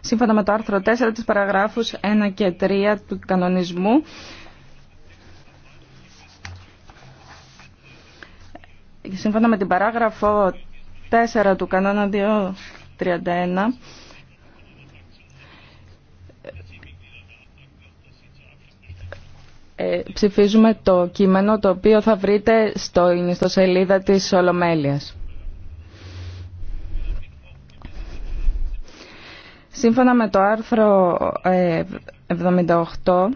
σύμφωνα με το άρθρο 4 της παραγράφους 1 και 3 του κανονισμού σύμφωνα με την παράγραφο 4 του κανόνα 231 ε, ψηφίζουμε το κείμενο το οποίο θα βρείτε στο σελίδα της Ολομέλειας. Σύμφωνα με το άρθρο 78 ε,